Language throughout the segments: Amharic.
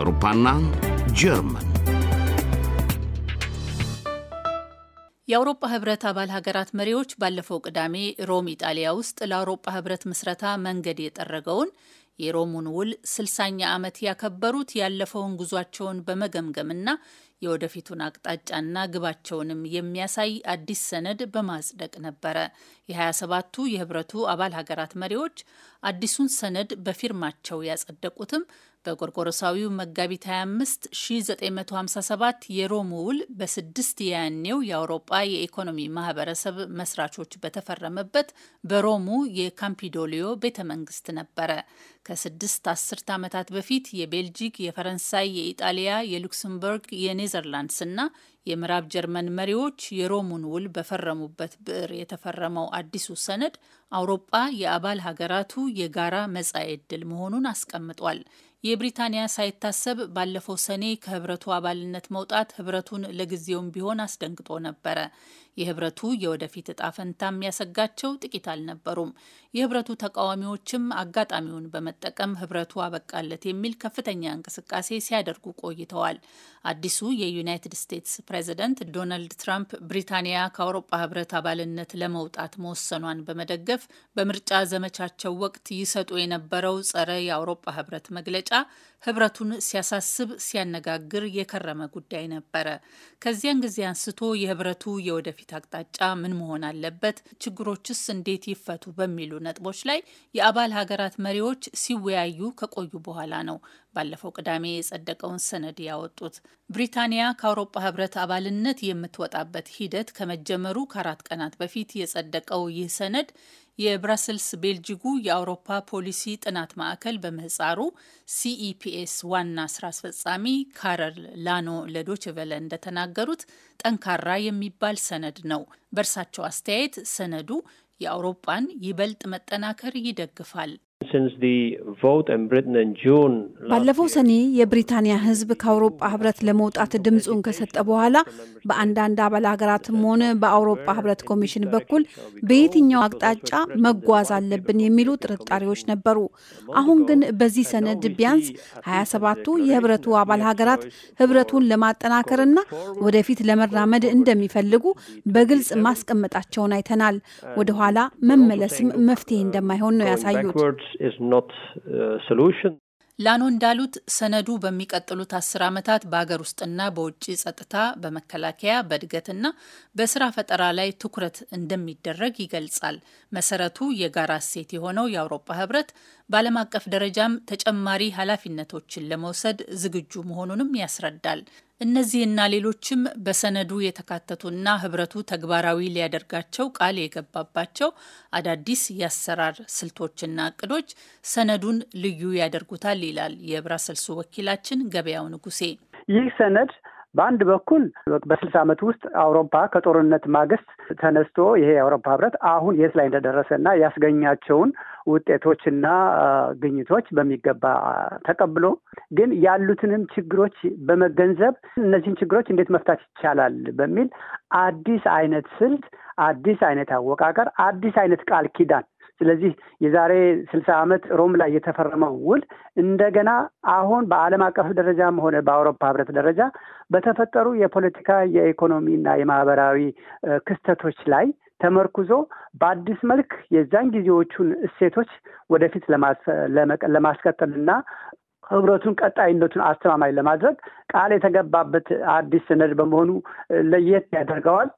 አውሮፓና ጀርመን የአውሮፓ ህብረት አባል ሀገራት መሪዎች ባለፈው ቅዳሜ ሮም፣ ኢጣሊያ ውስጥ ለአውሮፓ ህብረት ምስረታ መንገድ የጠረገውን የሮሙን ውል ስልሳኛ ዓመት ያከበሩት ያለፈውን ጉዟቸውን በመገምገምና የወደፊቱን አቅጣጫና ግባቸውንም የሚያሳይ አዲስ ሰነድ በማጽደቅ ነበረ። የ27ቱ የህብረቱ አባል ሀገራት መሪዎች አዲሱን ሰነድ በፊርማቸው ያጸደቁትም በቆርቆሮሳዊው መጋቢት 25 1957 የሮም ውል በስድስት የያኔው የአውሮጳ የኢኮኖሚ ማህበረሰብ መስራቾች በተፈረመበት በሮሙ የካምፒዶሊዮ ቤተ መንግስት ነበረ። ከስድስት አስርት ዓመታት በፊት የቤልጂክ፣ የፈረንሳይ፣ የኢጣሊያ፣ የሉክሰምበርግ፣ የኔዘርላንድስ እና የምዕራብ ጀርመን መሪዎች የሮሙን ውል በፈረሙበት ብዕር የተፈረመው አዲሱ ሰነድ አውሮጳ የአባል ሀገራቱ የጋራ መጻኢ ዕድል መሆኑን አስቀምጧል። የብሪታንያ ሳይታሰብ ባለፈው ሰኔ ከህብረቱ አባልነት መውጣት ህብረቱን ለጊዜውም ቢሆን አስደንግጦ ነበረ። የህብረቱ የወደፊት እጣ ፈንታ የሚያሰጋቸው ጥቂት አልነበሩም። የህብረቱ ተቃዋሚዎችም አጋጣሚውን በመጠቀም ህብረቱ አበቃለት የሚል ከፍተኛ እንቅስቃሴ ሲያደርጉ ቆይተዋል። አዲሱ የዩናይትድ ስቴትስ ፕሬዚደንት ዶናልድ ትራምፕ ብሪታንያ ከአውሮፓ ህብረት አባልነት ለመውጣት መወሰኗን በመደገፍ በምርጫ ዘመቻቸው ወቅት ይሰጡ የነበረው ጸረ የአውሮፓ ህብረት መግለጫ ህብረቱን ሲያሳስብ ሲያነጋግር የከረመ ጉዳይ ነበረ። ከዚያን ጊዜ አንስቶ የህብረቱ የወደፊት አቅጣጫ ምን መሆን አለበት፣ ችግሮችስ እንዴት ይፈቱ በሚሉ ነጥቦች ላይ የአባል ሀገራት መሪዎች ሲወያዩ ከቆዩ በኋላ ነው ባለፈው ቅዳሜ የጸደቀውን ሰነድ ያወጡት። ብሪታንያ ከአውሮፓ ህብረት አባልነት የምትወጣበት ሂደት ከመጀመሩ ከአራት ቀናት በፊት የጸደቀው ይህ ሰነድ የብራስልስ ቤልጂጉ የአውሮፓ ፖሊሲ ጥናት ማዕከል በምህፃሩ ሲኢፒኤስ ዋና ስራ አስፈጻሚ ካረል ላኖ ለዶችቨለ እንደተናገሩት ጠንካራ የሚባል ሰነድ ነው። በእርሳቸው አስተያየት ሰነዱ የአውሮፓን ይበልጥ መጠናከር ይደግፋል። ባለፈው ሰኔ የብሪታንያ ሕዝብ ከአውሮፓ ህብረት ለመውጣት ድምፁን ከሰጠ በኋላ በአንዳንድ አባል ሀገራትም ሆነ በአውሮጳ ህብረት ኮሚሽን በኩል በየትኛው አቅጣጫ መጓዝ አለብን የሚሉ ጥርጣሬዎች ነበሩ። አሁን ግን በዚህ ሰነድ ቢያንስ 27ቱ የህብረቱ አባል ሀገራት ህብረቱን ለማጠናከርና ወደፊት ለመራመድ እንደሚፈልጉ በግልጽ ማስቀመጣቸውን አይተናል። ወደኋላ መመለስም መፍትሄ እንደማይሆን ነው ያሳዩት። ላኖ እንዳሉት ሰነዱ በሚቀጥሉት አስር ዓመታት በአገር ውስጥና በውጭ ጸጥታ፣ በመከላከያ፣ በእድገትና በስራ ፈጠራ ላይ ትኩረት እንደሚደረግ ይገልጻል። መሰረቱ የጋራ እሴት የሆነው የአውሮፓ ህብረት በዓለም አቀፍ ደረጃም ተጨማሪ ኃላፊነቶችን ለመውሰድ ዝግጁ መሆኑንም ያስረዳል። እነዚህና ሌሎችም በሰነዱ የተካተቱና ህብረቱ ተግባራዊ ሊያደርጋቸው ቃል የገባባቸው አዳዲስ የአሰራር ስልቶችና እቅዶች ሰነዱን ልዩ ያደርጉታል ይላል የብራሰልሱ ወኪላችን ገበያው ንጉሴ። ይህ ሰነድ በአንድ በኩል በስልሳ ዓመት ውስጥ አውሮፓ ከጦርነት ማግስት ተነስቶ ይሄ የአውሮፓ ህብረት አሁን የት ላይ እንደደረሰ እና ያስገኛቸውን ውጤቶችና ግኝቶች በሚገባ ተቀብሎ ግን ያሉትንም ችግሮች በመገንዘብ እነዚህን ችግሮች እንዴት መፍታት ይቻላል በሚል አዲስ አይነት ስልት፣ አዲስ አይነት አወቃቀር፣ አዲስ አይነት ቃል ኪዳን ስለዚህ የዛሬ ስልሳ ዓመት ሮም ላይ የተፈረመው ውል እንደገና አሁን በዓለም አቀፍ ደረጃም ሆነ በአውሮፓ ህብረት ደረጃ በተፈጠሩ የፖለቲካ የኢኮኖሚ ና የማህበራዊ ክስተቶች ላይ ተመርኩዞ በአዲስ መልክ የዛን ጊዜዎቹን እሴቶች ወደፊት ለማስቀጠልና ህብረቱን ቀጣይነቱን አስተማማኝ ለማድረግ ቃል የተገባበት አዲስ ሰነድ በመሆኑ ለየት ያደርገዋል።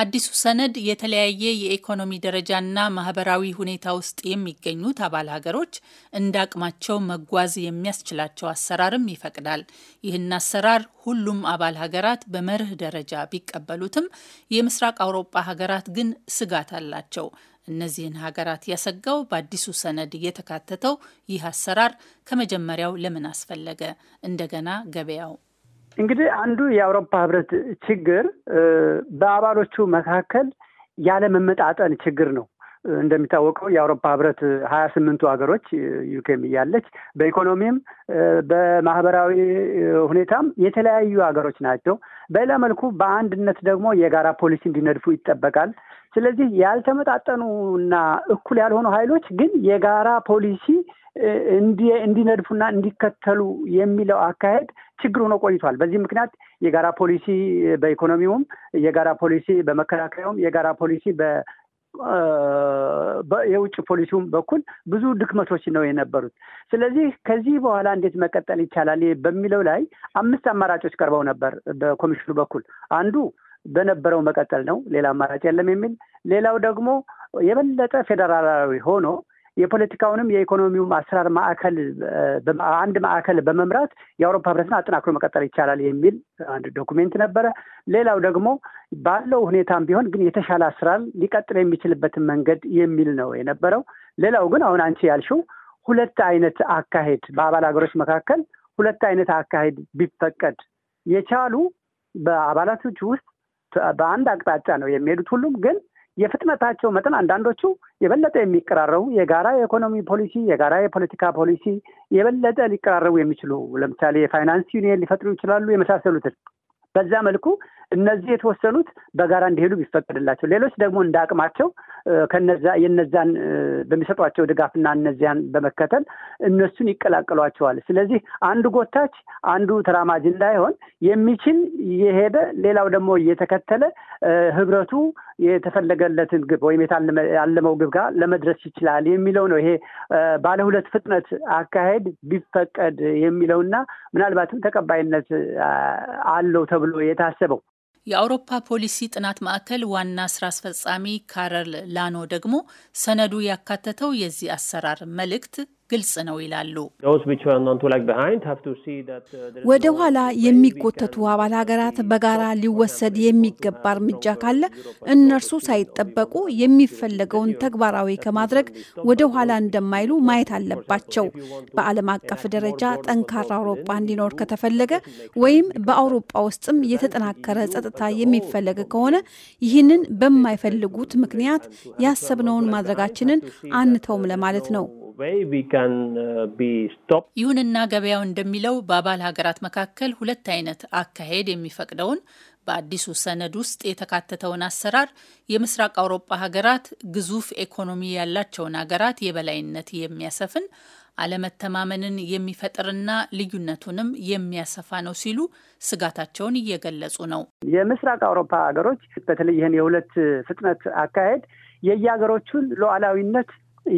አዲሱ ሰነድ የተለያየ የኢኮኖሚ ደረጃና ማህበራዊ ሁኔታ ውስጥ የሚገኙት አባል ሀገሮች እንደ አቅማቸው መጓዝ የሚያስችላቸው አሰራርም ይፈቅዳል። ይህን አሰራር ሁሉም አባል ሀገራት በመርህ ደረጃ ቢቀበሉትም የምስራቅ አውሮፓ ሀገራት ግን ስጋት አላቸው። እነዚህን ሀገራት ያሰጋው በአዲሱ ሰነድ የተካተተው ይህ አሰራር ከመጀመሪያው ለምን አስፈለገ? እንደገና ገበያው እንግዲህ አንዱ የአውሮፓ ህብረት ችግር በአባሎቹ መካከል ያለመመጣጠን ችግር ነው። እንደሚታወቀው የአውሮፓ ህብረት ሀያ ስምንቱ ሀገሮች ዩኬም እያለች በኢኮኖሚም በማህበራዊ ሁኔታም የተለያዩ ሀገሮች ናቸው። በሌላ መልኩ በአንድነት ደግሞ የጋራ ፖሊሲ እንዲነድፉ ይጠበቃል። ስለዚህ ያልተመጣጠኑና እኩል ያልሆኑ ኃይሎች ግን የጋራ ፖሊሲ እንዲነድፉና እንዲከተሉ የሚለው አካሄድ ችግር ሆኖ ቆይቷል። በዚህ ምክንያት የጋራ ፖሊሲ በኢኮኖሚውም፣ የጋራ ፖሊሲ በመከላከያውም፣ የጋራ ፖሊሲ የውጭ ፖሊሲውም በኩል ብዙ ድክመቶች ነው የነበሩት። ስለዚህ ከዚህ በኋላ እንዴት መቀጠል ይቻላል በሚለው ላይ አምስት አማራጮች ቀርበው ነበር በኮሚሽኑ በኩል አንዱ በነበረው መቀጠል ነው፣ ሌላ አማራጭ የለም የሚል ሌላው ደግሞ የበለጠ ፌዴራላዊ ሆኖ የፖለቲካውንም የኢኮኖሚውም አሰራር ማዕከል አንድ ማዕከል በመምራት የአውሮፓ ህብረትን አጠናክሮ መቀጠል ይቻላል የሚል አንድ ዶኩሜንት ነበረ። ሌላው ደግሞ ባለው ሁኔታም ቢሆን ግን የተሻለ አሰራር ሊቀጥል የሚችልበትን መንገድ የሚል ነው የነበረው። ሌላው ግን አሁን አንቺ ያልሽው ሁለት አይነት አካሄድ በአባል ሀገሮች መካከል ሁለት አይነት አካሄድ ቢፈቀድ የቻሉ በአባላቶች ውስጥ በአንድ አቅጣጫ ነው የሚሄዱት። ሁሉም ግን የፍጥነታቸው መጠን አንዳንዶቹ የበለጠ የሚቀራረቡ የጋራ የኢኮኖሚ ፖሊሲ፣ የጋራ የፖለቲካ ፖሊሲ የበለጠ ሊቀራረቡ የሚችሉ ለምሳሌ የፋይናንስ ዩኒየን ሊፈጥሩ ይችላሉ የመሳሰሉትን በዛ መልኩ እነዚህ የተወሰኑት በጋራ እንዲሄዱ ቢፈቀድላቸው፣ ሌሎች ደግሞ እንደ አቅማቸው የነዛን በሚሰጧቸው ድጋፍና እነዚያን በመከተል እነሱን ይቀላቀሏቸዋል። ስለዚህ አንዱ ጎታች አንዱ ተራማጅ እንዳይሆን የሚችል የሄደ ሌላው ደግሞ እየተከተለ ህብረቱ የተፈለገለትን ግብ ወይም ያለመው ግብ ጋር ለመድረስ ይችላል የሚለው ነው። ይሄ ባለ ሁለት ፍጥነት አካሄድ ቢፈቀድ የሚለውና ምናልባትም ተቀባይነት አለው ተብሎ የታሰበው የአውሮፓ ፖሊሲ ጥናት ማዕከል ዋና ስራ አስፈጻሚ ካረል ላኖ ደግሞ ሰነዱ ያካተተው የዚህ አሰራር መልእክት ግልጽ ነው ይላሉ። uh, ወደ ኋላ የሚጎተቱ አባል ሀገራት በጋራ ሊወሰድ የሚገባ እርምጃ ካለ እነርሱ ሳይጠበቁ የሚፈለገውን ተግባራዊ ከማድረግ ወደ ኋላ እንደማይሉ ማየት አለባቸው። በዓለም አቀፍ ደረጃ ጠንካራ አውሮፓ እንዲኖር ከተፈለገ ወይም በአውሮፓ ውስጥም የተጠናከረ ጸጥታ የሚፈለግ ከሆነ ይህንን በማይፈልጉት ምክንያት ያሰብነውን ማድረጋችንን uh, አንተውም ለማለት ነው። Uh, ይሁንና ገበያው እንደሚለው በአባል ሀገራት መካከል ሁለት አይነት አካሄድ የሚፈቅደውን በአዲሱ ሰነድ ውስጥ የተካተተውን አሰራር የምስራቅ አውሮፓ ሀገራት ግዙፍ ኢኮኖሚ ያላቸውን ሀገራት የበላይነት የሚያሰፍን አለመተማመንን የሚፈጥርና ልዩነቱንም የሚያሰፋ ነው ሲሉ ስጋታቸውን እየገለጹ ነው። የምስራቅ አውሮፓ ሀገሮች በተለይ ይህን የሁለት ፍጥነት አካሄድ የየሀገሮቹን ሉዓላዊነት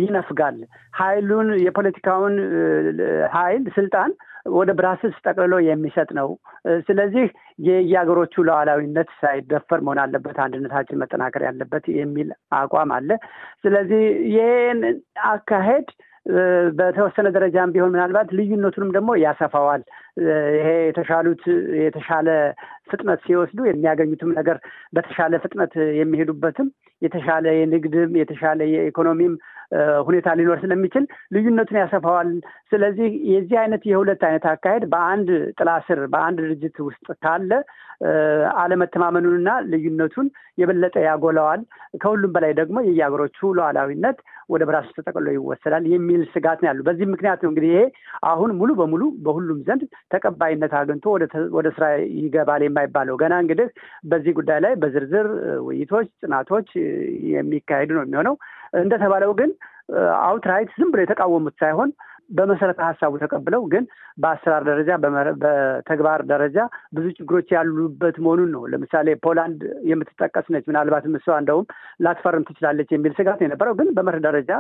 ይነፍጋል። ኃይሉን የፖለቲካውን ኃይል ስልጣን ወደ ብራስልስ ጠቅልሎ የሚሰጥ ነው። ስለዚህ የየሀገሮቹ ሉዓላዊነት ሳይደፈር መሆን አለበት፣ አንድነታችን መጠናከር ያለበት የሚል አቋም አለ። ስለዚህ ይህን አካሄድ በተወሰነ ደረጃም ቢሆን ምናልባት ልዩነቱንም ደግሞ ያሰፋዋል። ይሄ የተሻሉት የተሻለ ፍጥነት ሲወስዱ የሚያገኙትም ነገር በተሻለ ፍጥነት የሚሄዱበትም የተሻለ የንግድም የተሻለ የኢኮኖሚም ሁኔታ ሊኖር ስለሚችል ልዩነቱን ያሰፋዋል። ስለዚህ የዚህ አይነት የሁለት አይነት አካሄድ በአንድ ጥላ ስር በአንድ ድርጅት ውስጥ ካለ አለመተማመኑንና ልዩነቱን የበለጠ ያጎላዋል። ከሁሉም በላይ ደግሞ የየሀገሮቹ ሉዓላዊነት ወደ ብራስልስ ተጠቅሎ ይወሰዳል የሚል ስጋት ነው ያሉ። በዚህ ምክንያት ነው እንግዲህ ይሄ አሁን ሙሉ በሙሉ በሁሉም ዘንድ ተቀባይነት አግኝቶ ወደ ስራ ይገባል የማይባለው ገና እንግዲህ በዚህ ጉዳይ ላይ በዝርዝር ውይይቶች፣ ጥናቶች የሚካሄዱ ነው የሚሆነው። እንደተባለው ግን አውትራይት ዝም ብሎ የተቃወሙት ሳይሆን በመሰረተ ሀሳቡ ተቀብለው ግን በአሰራር ደረጃ በተግባር ደረጃ ብዙ ችግሮች ያሉበት መሆኑን ነው። ለምሳሌ ፖላንድ የምትጠቀስ ነች። ምናልባት እሷ እንደውም ላትፈርም ትችላለች የሚል ስጋት የነበረው ግን በመርህ ደረጃ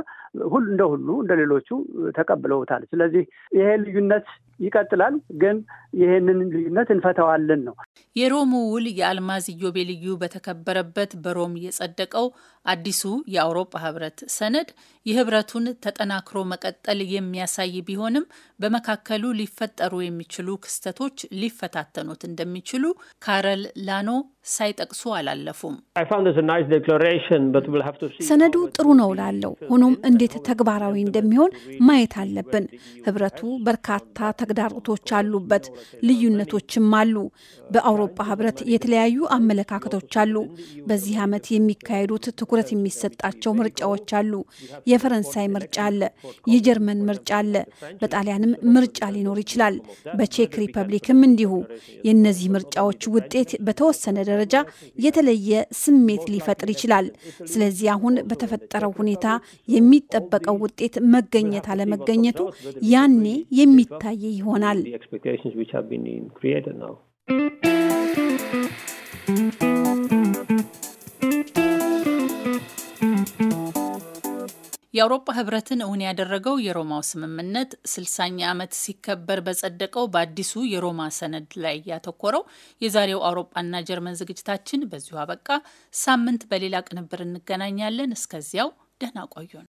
ሁሉ እንደ ሁሉ እንደ ሌሎቹ ተቀብለውታል። ስለዚህ ይሄ ልዩነት ይቀጥላል፣ ግን ይሄንን ልዩነት እንፈተዋለን ነው። የሮሙ ውል የአልማዝ ኢዮቤልዩ በተከበረበት በሮም የጸደቀው አዲሱ የአውሮፓ ህብረት ሰነድ የህብረቱን ተጠናክሮ መቀጠል የሚያሳይ ቢሆንም በመካከሉ ሊፈጠሩ የሚችሉ ክስተቶች ሊፈታተኑት እንደሚችሉ ካረል ላኖ ሳይጠቅሱ አላለፉም። ሰነዱ ጥሩ ነው ላለው፣ ሆኖም እንዴት ተግባራዊ እንደሚሆን ማየት አለብን። ህብረቱ በርካታ ተግዳሮቶች አሉበት፣ ልዩነቶችም አሉ። በአውሮፓ ህብረት የተለያዩ አመለካከቶች አሉ። በዚህ ዓመት የሚካሄዱት ትኩረት የሚሰጣቸው ምርጫዎች አሉ። የፈረንሳይ ምርጫ አለ፣ የጀርመን ምርጫ አለ፣ በጣሊያንም ምርጫ ሊኖር ይችላል። በቼክ ሪፐብሊክም እንዲሁ። የእነዚህ ምርጫዎች ውጤት በተወሰነ ደረጃ የተለየ ስሜት ሊፈጥር ይችላል። ስለዚህ አሁን በተፈጠረው ሁኔታ የሚጠበቀው ውጤት መገኘት አለመገኘቱ ያኔ የሚታይ ይሆናል። የአውሮፓ ህብረትን እውን ያደረገው የሮማው ስምምነት ስልሳኛ ዓመት ሲከበር በጸደቀው በአዲሱ የሮማ ሰነድ ላይ ያተኮረው የዛሬው አውሮፓና ጀርመን ዝግጅታችን በዚሁ አበቃ። ሳምንት በሌላ ቅንብር እንገናኛለን። እስከዚያው ደህና ቆዩን።